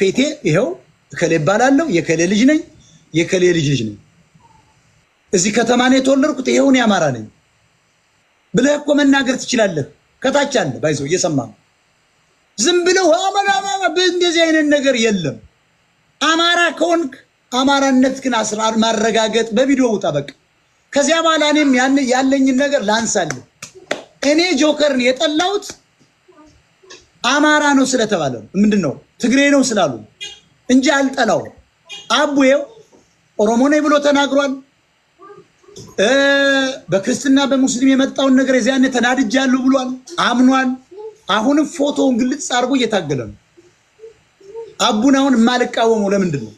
ፌቴ ይኸው እከሌ እባላለሁ፣ የከሌ ልጅ ነኝ፣ የከሌ ልጅ ልጅ ነኝ፣ እዚህ ከተማ ነው የተወለድኩት፣ ይኸውን ያማራ ነኝ ብለህ እኮ መናገር ትችላለህ። ከታች አለ ባይዞ እየሰማ ዝም ብለው አመራማ እንደዚህ አይነት ነገር የለም። አማራ ከሆንክ አማራነት ግን ማረጋገጥ በቪዲዮ ውጣ። በቃ ከዚያ በኋላ እኔም ያለኝን ነገር ላንሳለሁ። እኔ ጆከርን የጠላሁት አማራ ነው ስለተባለ ምንድን ነው ትግሬ ነው ስላሉ እንጂ አልጠላው። አቡዬው ኦሮሞ ነኝ ብሎ ተናግሯል። በክርስትና በሙስሊም የመጣውን ነገር የዚያኔ ተናድጃለሁ ብሏል፣ አምኗል። አሁንም ፎቶውን ግልጽ አድርጎ እየታገለ ነው። አቡን አሁን የማልቃወመው ለምንድን ነው?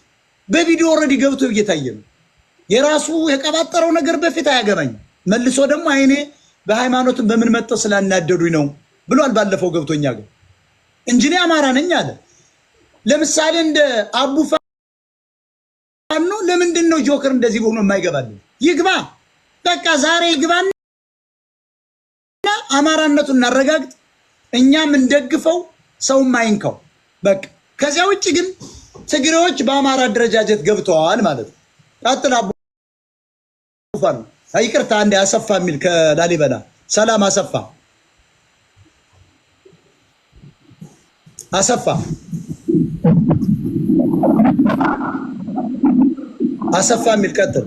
በቪዲዮ ኦልሬዲ ገብቶ እየታየ ነው። የራሱ የቀባጠረው ነገር በፊት አያገባኝም? መልሶ ደግሞ አይኔ በሃይማኖትን በምን መጠው ስላናደዱኝ ነው ብሏል። ባለፈው ገብቶኛ እንጂ እኔ አማራ ነኝ አለ። ለምሳሌ እንደ አቡ ፋኖ ለምንድን ነው ጆከር እንደዚህ ሆኖ የማይገባል? ይግባ፣ በቃ ዛሬ ይግባና አማራነቱን እናረጋግጥ፣ እኛም እንደግፈው፣ ሰውም አይንካው። በቃ ከዚያ ውጭ ግን ትግሬዎች በአማራ አደረጃጀት ገብተዋል ማለት ነው። ቀጥል አቡ ፋኖ ይቅርታ፣ አንዴ አሰፋ የሚል ከላሊበላ ሰላም አሰፋ አሰፋ አሰፋ የሚል ቀጥል።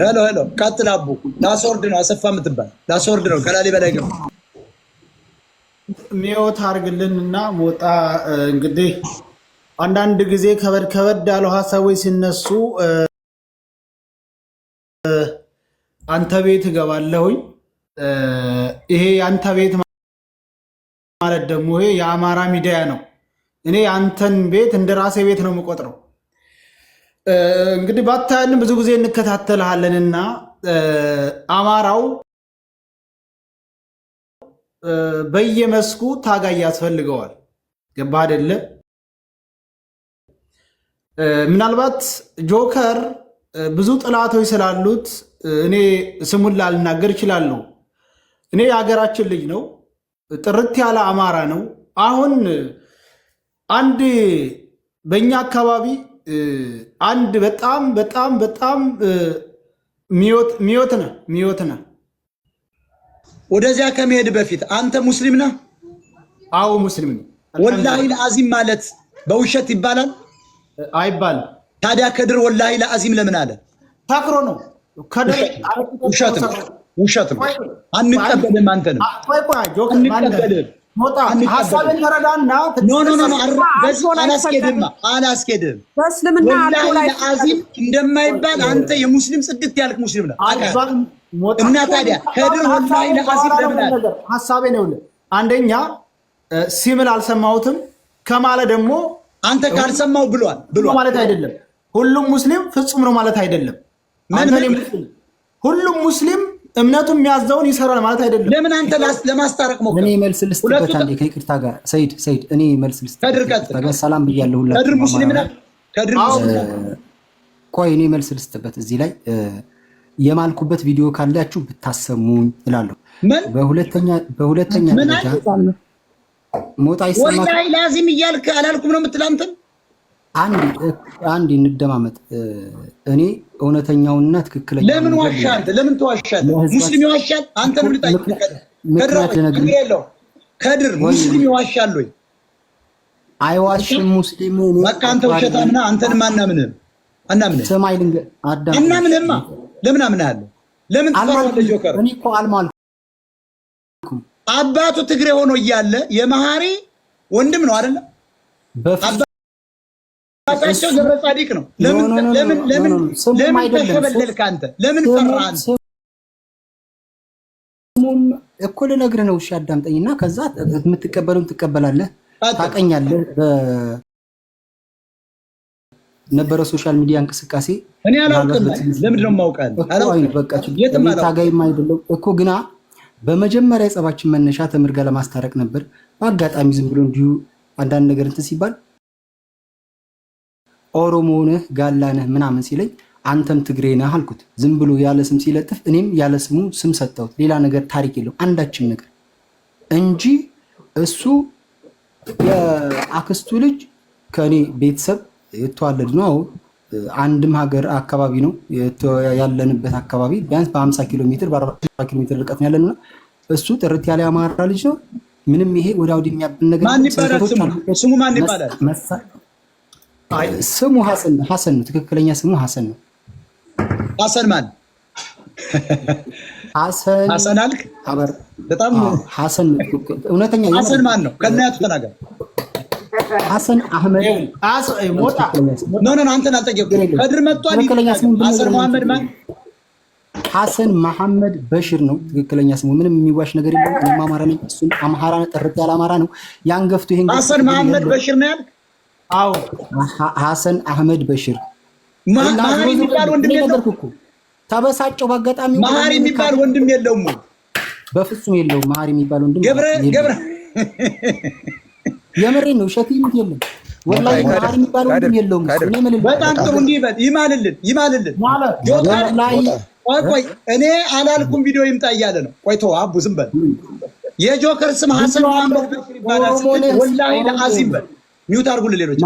ሄሎ ሄሎ፣ ቀጥል። አቡ ላስወርድ ነው አሰፋ የምትባል ላስወርድ ነው። ከላሊበላ ገባ ሚዮት አርግልን እና ሞጣ እንግዲህ አንዳንድ ጊዜ ከበድ ከበድ ያሉ ሀሳቦች ሲነሱ አንተ ቤት እገባለሁኝ። ይሄ የአንተ ቤት ማለት ደግሞ ይሄ የአማራ ሚዲያ ነው። እኔ አንተን ቤት እንደ ራሴ ቤት ነው የምቆጥረው። እንግዲህ ባታያልን ብዙ ጊዜ እንከታተልሃለንና አማራው በየመስኩ ታጋይ ያስፈልገዋል። ገባህ አይደለ? ምናልባት ጆከር ብዙ ጥላቶች ስላሉት እኔ ስሙን ላልናገር እችላለሁ። እኔ የሀገራችን ልጅ ነው፣ ጥርት ያለ አማራ ነው። አሁን አንድ በእኛ አካባቢ አንድ በጣም በጣም በጣም ሚወት ነህ ወደዚያ ከመሄድ በፊት አንተ ሙስሊም ነህ? አዎ ሙስሊም ነው። ወላሂ አዚም ማለት በውሸት ይባላል አይባልም። ታዲያ ከድር ወላሂ ለአዚም ለምን አለ? ታክሮ ነው። ውሸት ነው፣ ውሸት ነው። አንቀበልም፣ አንተንም አንቀበልም። ሀሳብን ተረዳና አላስኬድም፣ አላስኬድም። ወላሂ ለአዚም እንደማይባል አንተ የሙስሊም ጽድት ያልክ ሙስሊም ነህ። እና ታዲያ ከድር ወላሂ ለአዚም ለምን አለ? ሀሳቤ ነው። አንደኛ ሲምል አልሰማሁትም ከማለ ደግሞ አንተ ካልሰማው ብሏል ብሏል ማለት አይደለም ሁሉም ሙስሊም ፍጹም ነው ማለት አይደለም። ሁሉም ሙስሊም እምነቱ የሚያዘውን ይሰራል ማለት አይደለም። ለምን አንተ ለማስታረቅ ሞክር። እኔ መልስ ልስጥበት ከይቅርታ ጋር ሰይድ ሰይድ፣ እኔ መልስ ልስጥበት ጋር ሰላም ብያለሁ። ቆይ እኔ መልስ ልስጥበት እዚህ ላይ የማልኩበት ቪዲዮ ካላችሁ ብታሰሙኝ እላለሁ። በሁለተኛ ደረጃ ሞጣ ይሰማል። ላዚም እያልክ አላልኩም ነው የምትለው አንድ እንደማመጥ እኔ እውነተኛውና ትክክለኛ ለምን ዋሻ አንተ ለምን ተዋሻለህ? ሙስሊም ይዋሻል። አንተ ነው ልታይ ከድር ከድር ሙስሊም ይዋሻል ወይ አይዋሽም? ሙስሊም በቃ አንተ ውሸታምና አንተን አናምንህም። አናምንህም። ሰማይ ልንገር አዳም አናምንህማ። ለምን አምናለህ? ለምን ተዋለ ጆከር እኔ እኮ አልማልኩም። አባቱ ትግሬ ሆኖ እያለ የመሀሪ ወንድም ነው አይደለም አባታቸው ገብረ ጻዲቅ ነው። ለምን ለምን ለምን ለምን ተሸበለልክ አንተ? ለምን ፈራህ ስሙም እኮ ልነግርህ ነው። እሺ አዳምጠኝና ከዛ የምትቀበለው ትቀበላለህ፣ ታቀኛለህ። ነበረ ሶሻል ሚዲያ እንቅስቃሴ እኔ አላውቅም። ለምንድን ነው ታጋይም አይደለም እኮ ግና በመጀመሪያ የጸባችን መነሻ ተምር ጋር ለማስታረቅ ነበር። በአጋጣሚ ዝም ብሎ እንዲሁ አንዳንድ ነገር እንትን ሲባል ኦሮሞ ነህ ጋላ ነህ ምናምን ሲለኝ አንተም ትግሬ ነህ አልኩት። ዝም ብሎ ያለ ስም ሲለጥፍ እኔም ያለ ስሙ ስም ሰጠሁት። ሌላ ነገር ታሪክ የለው አንዳችም ነገር እንጂ እሱ የአክስቱ ልጅ ከእኔ ቤተሰብ የተዋለድ ነው። አሁን አንድም ሀገር አካባቢ ነው ያለንበት አካባቢ ቢያንስ በ50 ኪሎ ሜትር በ40 ኪሎ ሜትር ርቀት ነው እሱ ጥርት ያለ የአማራ ልጅ ነው። ምንም ይሄ ወደ አውድ የሚያብን ነገር ስሙ ማን ይባላል? ስሙ ሀሰን ሀሰን ነው። ትክክለኛ ስሙ ሀሰን ነው። ሀሰን ማን? ሀሰን ሀሰን አልክ። አበር በጣም ሀሰን እውነተኛ ሀሰን ማን ነው? ከናያቱ ተናገር። ሀሰን አህመድ ሞጣ። ኖ ኖ አንተን አልጠየኩም። ከድር መጥቷል። ሀሰን መሐመድ ማን? ሀሰን መሐመድ በሽር ነው ትክክለኛ ስሙ። ምንም የሚዋሽ ነገር የለም። እኔም አማራ ነኝ፣ እሱም አማራ ጥርት ያለ አማራ ነው። ያን ገፍቱ። ይሄን ሀሰን መሐመድ በሽር ነው ያልክ አዎ ሐሰን አህመድ በሽር መሀሪ የሚባል ወንድም የለውም እኮ ተበሳጨው። በአጋጣሚ መሀሪ የሚባል ወንድም የለውም፣ በፍጹም የለውም። መሀሪ የሚባል ወንድም ገብረ ገብረ የምሬን ነው፣ ውሸት የለም። ወላሂ መሀሪ የሚባል ወንድም የለውም። እኔ ምን በጣም ጥሩ እንዲህ ይበል፣ ይማልልን፣ ይማልልን። ቆይ ቆይ፣ እኔ አላልኩም ቪዲዮ ይምጣ እያለ ነው። ቆይቶ አቡ ዝም በል። የጆከር ስም ሀሰን ማንበር ይባላል። ወላሂ ለአዚም በል ሚውት አድርጉ ለሌሎች።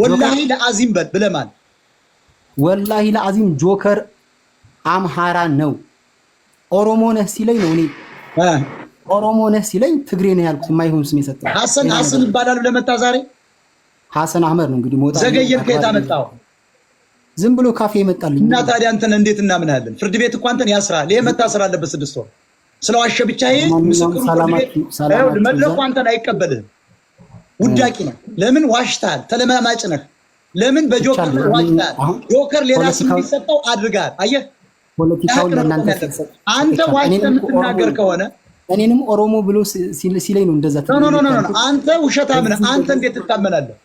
ወላሂ ለአዚም በል ብለማል። ወላሂ ለአዚም ጆከር አምሃራ ነው። ኦሮሞ ነህ ሲለኝ ነው እኔ ኦሮሞ ነህ ሲለኝ ትግሬ ነህ ያልኩት። የማይሆን ስም የሰጠ ሀሰን ሀሰን ይባላሉ። ለመጣ ዛሬ ሀሰን አህመድ ነው እንግዲህ ሞታ ዘገየን። ከየት አመጣው? ዝም ብሎ ካፌ ይመጣልኝ እና ታዲያ አንተን እንዴት እናምናለን? ፍርድ ቤት እኮ አንተን ያስራል። ይሄ ስራ አለበት ስድስት ወር ስለዋሸ ብቻ ይሄ ምስክሩ መድረኩ አንተን አይቀበልህም። ውዳቂ ነህ። ለምን ዋሽታል? ተለማማጭ ነህ። ለምን በጆከር ዋሽታል? ጆከር ሌላ ስም ሊሰጠው አድርጋል። አየህ፣ አንተ ዋሽተህ የምትናገር ከሆነ እኔንም ኦሮሞ ብሎ ሲለኝ ነው እንደዛ። አንተ ውሸታም ነህ። አንተ እንዴት ትታመናለህ?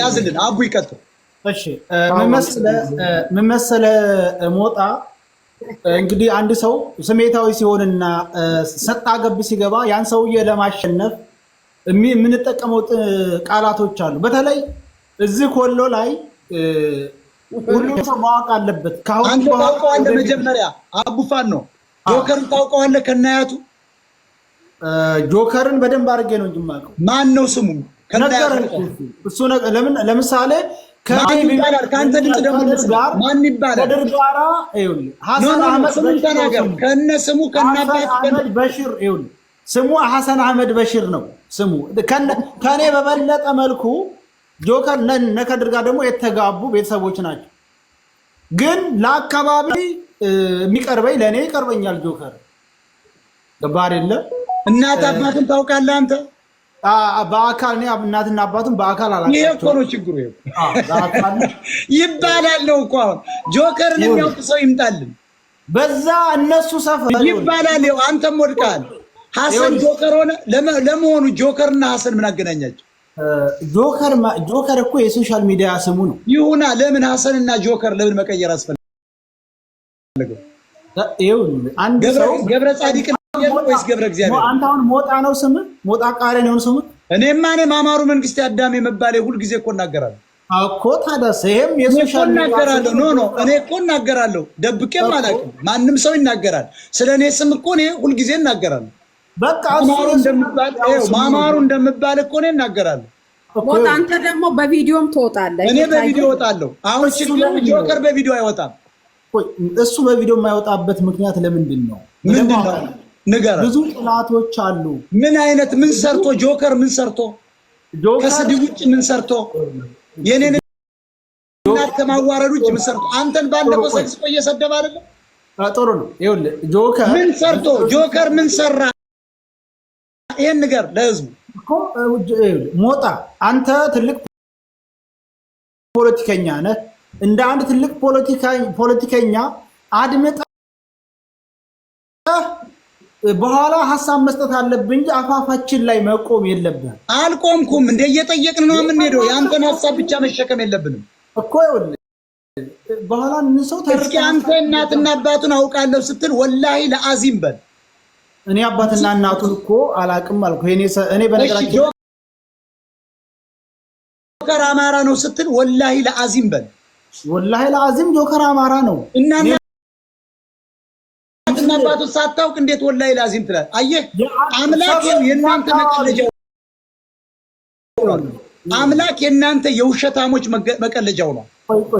ያዝልን። አቡ ይቀጥል። ምን መሰለህ ሞጣ እንግዲህ አንድ ሰው ስሜታዊ ሲሆንና ሰጣ ገብ ሲገባ ያን ሰውዬ ለማሸነፍ የምንጠቀመው ቃላቶች አሉ። በተለይ እዚህ ኮሎ ላይ ሁሉም ሰው ማወቅ አለበት። አንተ ታውቀዋለህ፣ መጀመሪያ አቡፋን ነው ጆከርን ታውቀዋለህ? ከናያቱ ጆከርን በደንብ አድርጌ ነው እንጂ የማውቀው ማን ነው ስሙ? ለምሳሌ ከአንተ ድምፅ ደግሞ ማን ይባላል? ስሙ ተናገር። ከነ ስሙ ከነአባት በሽር ስሙ ሐሰን አህመድ በሽር ነው ስሙ። ከኔ በበለጠ መልኩ ጆከር ነከድር ጋር ደግሞ የተጋቡ ቤተሰቦች ናቸው። ግን ለአካባቢ የሚቀርበኝ ለእኔ ይቀርበኛል። ጆከር ገባህ አይደለም? እናት አባትን ታውቃለህ አንተ በአካል እኔ እናትና አባቱን በአካል አላ ይሄ እኮ ነው ችግሩ። ይባላለው እኮ አሁን ጆከርን የሚያውቅ ሰው ይምጣልን። በዛ እነሱ ሰፈር ይባላል። ው አንተም ወድቃል። ሀሰን ጆከር ሆነ። ለመሆኑ ጆከርና ሀሰን ምን አገናኛቸው? ጆከር እኮ የሶሻል ሚዲያ ስሙ ነው። ይሁና። ለምን ሀሰን እና ጆከር ለምን መቀየር አስፈለገው? ገብረ ጻዲቅ ወይስ ገብረ እግዚአብሔር? አንተ አሁን ሞጣ ነው ስምህ? ሞጣ ቃሬ ነው ስምህ? እኔማ እኔ ማማሩ መንግስቴ አዳሜ መባሌ ሁልጊዜ እኮ እናገራለሁ እኮ ታዲያስ፣ ይሄም የሶሻል እናገራለሁ። ኖ ኖ እኔ እኮ እናገራለሁ፣ ደብቄም አላውቅም። ማንም ሰው ይናገራል ስለ እኔ ስም እኮ እኔ ሁልጊዜ እናገራለሁ። በቃ ማማሩ እንደምባል እኮ እኔ እናገራለሁ። ሞጣ አንተ ደግሞ በቪዲዮም ትወጣለህ። እኔ በቪዲዮ እወጣለሁ። አሁን ችግሩ ጆከር በቪዲዮ አይወጣም። እሱ በቪዲዮ የማይወጣበት ምክንያት ለምንድን ነው? ምንድን ነው ንገረ። ብዙ ጥላቶች አሉ። ምን አይነት ምን ሰርቶ ጆከር ምን ሰርቶ ከስድብ ውጭ ምን ሰርቶ የኔን እናት ከማዋረድ ውጭ ምን ሰርቶ አንተን ባለፈው ሰግስቆ እየሰደበ አይደለም። ጥሩ ነው። ይኸውልህ ጆከር ምን ሰርቶ ጆከር ምን ሰራ? ይሄን ንገር ለህዝቡ እኮ ሞጣ። አንተ ትልቅ ፖለቲከኛ ነህ። እንደ አንድ ትልቅ ፖለቲከኛ አድምጠ በኋላ ሀሳብ መስጠት አለብህ እንጂ አፋፋችን ላይ መቆም የለብህም። አልቆምኩም። እንደ እየጠየቅን ነው የምንሄደው። የአንተን ሀሳብ ብቻ መሸከም የለብንም እኮ ይኸውልህ። በኋላ ምን እስኪ አንተ እናትና አባቱን አውቃለሁ ስትል ወላሂ ለአዚም በል። እኔ አባትና እናቱን እኮ አላቅም አልኩ። እኔ በነገራችን ጆከር አማራ ነው ስትል ወላሂ ለአዚም በል። ወላሂ ለአዚም ጆከር አማራ ነው። እናና አባቶች ሳታውቅ እንዴት ወላሂ ላዚም ትላል? አየህ አምላክ የእናንተ መቀለጃ አምላክ የእናንተ የውሸታሞች መቀለጃው ነው።